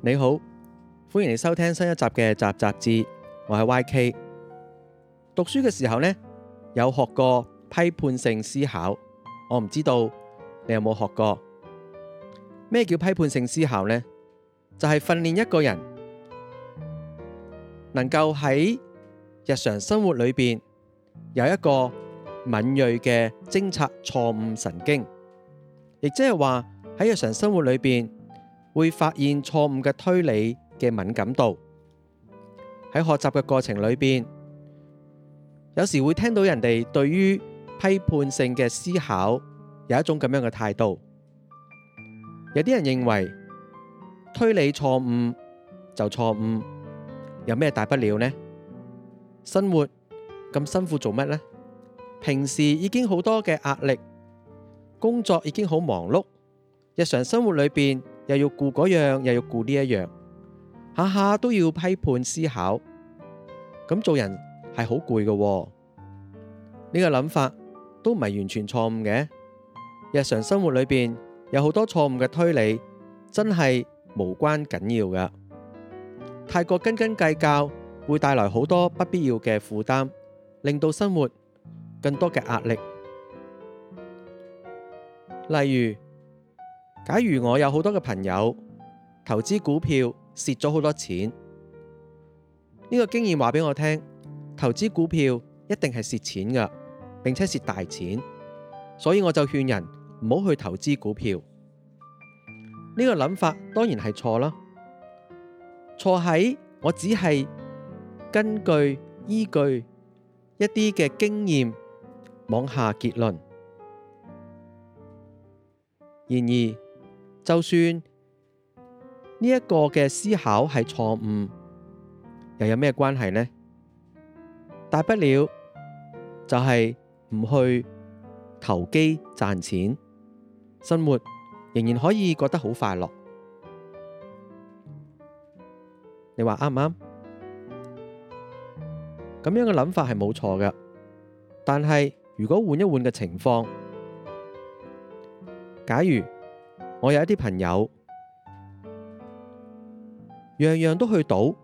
你好，歡迎你收聽新一集嘅《雜雜誌》，我係 Y K。讀書嘅時候呢，有學過批判性思考，我唔知道你有冇學過咩叫批判性思考呢？就係、是、訓練一個人能夠喺日常生活裏邊有一個敏銳嘅偵察錯誤神經，亦即係話喺日常生活裏邊。會發現錯誤嘅推理嘅敏感度。喺學習嘅過程裏邊，有時會聽到人哋對於批判性嘅思考有一種咁樣嘅態度。有啲人認為推理錯誤就錯誤，有咩大不了呢？生活咁辛苦做乜呢？平時已經好多嘅壓力，工作已經好忙碌，日常生活裏邊。又要顧嗰樣，又要顧呢一樣，下下都要批判思考，咁做人係好攰嘅。呢個諗法都唔係完全錯誤嘅。日常生活裏邊有好多錯誤嘅推理，真係無關緊要㗎。太過斤斤計較，會帶來好多不必要嘅負擔，令到生活更多嘅壓力。例如，假如我有好多嘅朋友投資股票蝕咗好多錢，呢個經驗話俾我聽，投資股票一定係蝕錢㗎，並且蝕大錢，所以我就勸人唔好去投資股票。呢個諗法當然係錯啦，錯喺我只係根據依據一啲嘅經驗妄下結論，然而。就算呢一個嘅思考係錯誤，又有咩關係呢？大不了就係唔去投機賺錢，生活仍然可以覺得好快樂。你話啱唔啱？咁樣嘅諗法係冇錯㗎，但係如果換一換嘅情況，假如……我有一啲朋友，樣樣都去賭，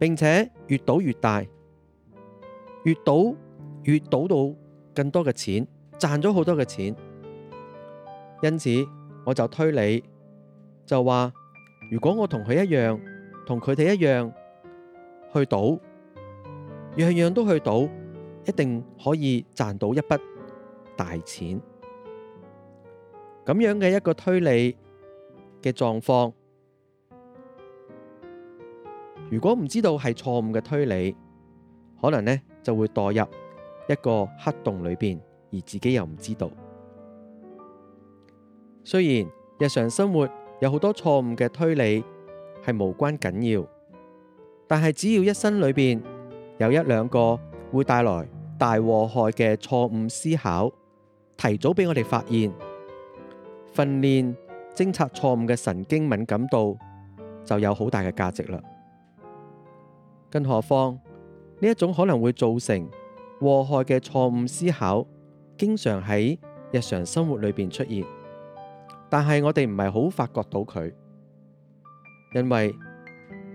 並且越賭越大，越賭越賭到更多嘅錢，賺咗好多嘅錢。因此我就推理，就話如果我同佢一樣，同佢哋一樣去賭，樣樣都去賭，一定可以賺到一筆大錢。咁樣嘅一個推理嘅狀況，如果唔知道係錯誤嘅推理，可能呢就會墮入一個黑洞裏面，而自己又唔知道。雖然日常生活有好多錯誤嘅推理係無關緊要，但係只要一生裏面有一兩個會帶來大禍害嘅錯誤思考，提早俾我哋發現。訓練偵測錯誤嘅神經敏感度就有好大嘅價值啦。更何況呢一種可能會造成禍害嘅錯誤思考，經常喺日常生活裏邊出現，但係我哋唔係好發覺到佢，因為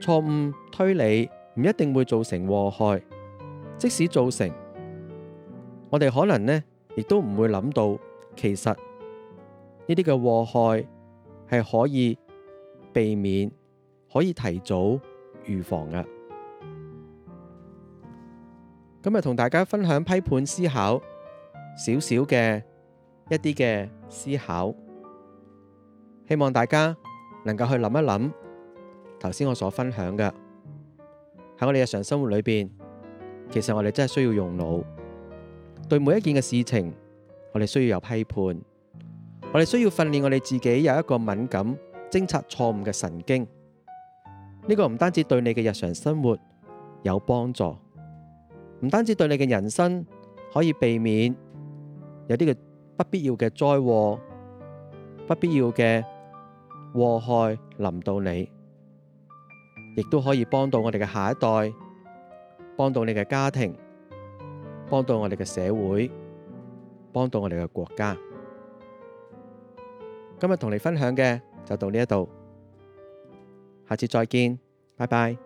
錯誤推理唔一定會造成禍害，即使造成，我哋可能呢亦都唔會諗到其實。呢啲嘅禍害係可以避免，可以提早預防嘅。今日同大家分享批判思考，少少嘅一啲嘅思考，希望大家能夠去諗一諗。頭先我所分享嘅，喺我哋日常生活裏邊，其實我哋真係需要用腦，對每一件嘅事情，我哋需要有批判。我哋需要訓練我哋自己有一個敏感、偵察錯誤嘅神經。呢個唔單止對你嘅日常生活有幫助，唔單止對你嘅人生可以避免有啲嘅不必要嘅災禍、不必要嘅禍害臨到你，亦都可以幫到我哋嘅下一代，幫到你嘅家庭，幫到我哋嘅社會，幫到我哋嘅國家。今日同你分享嘅就到呢一度，下次再見，拜拜。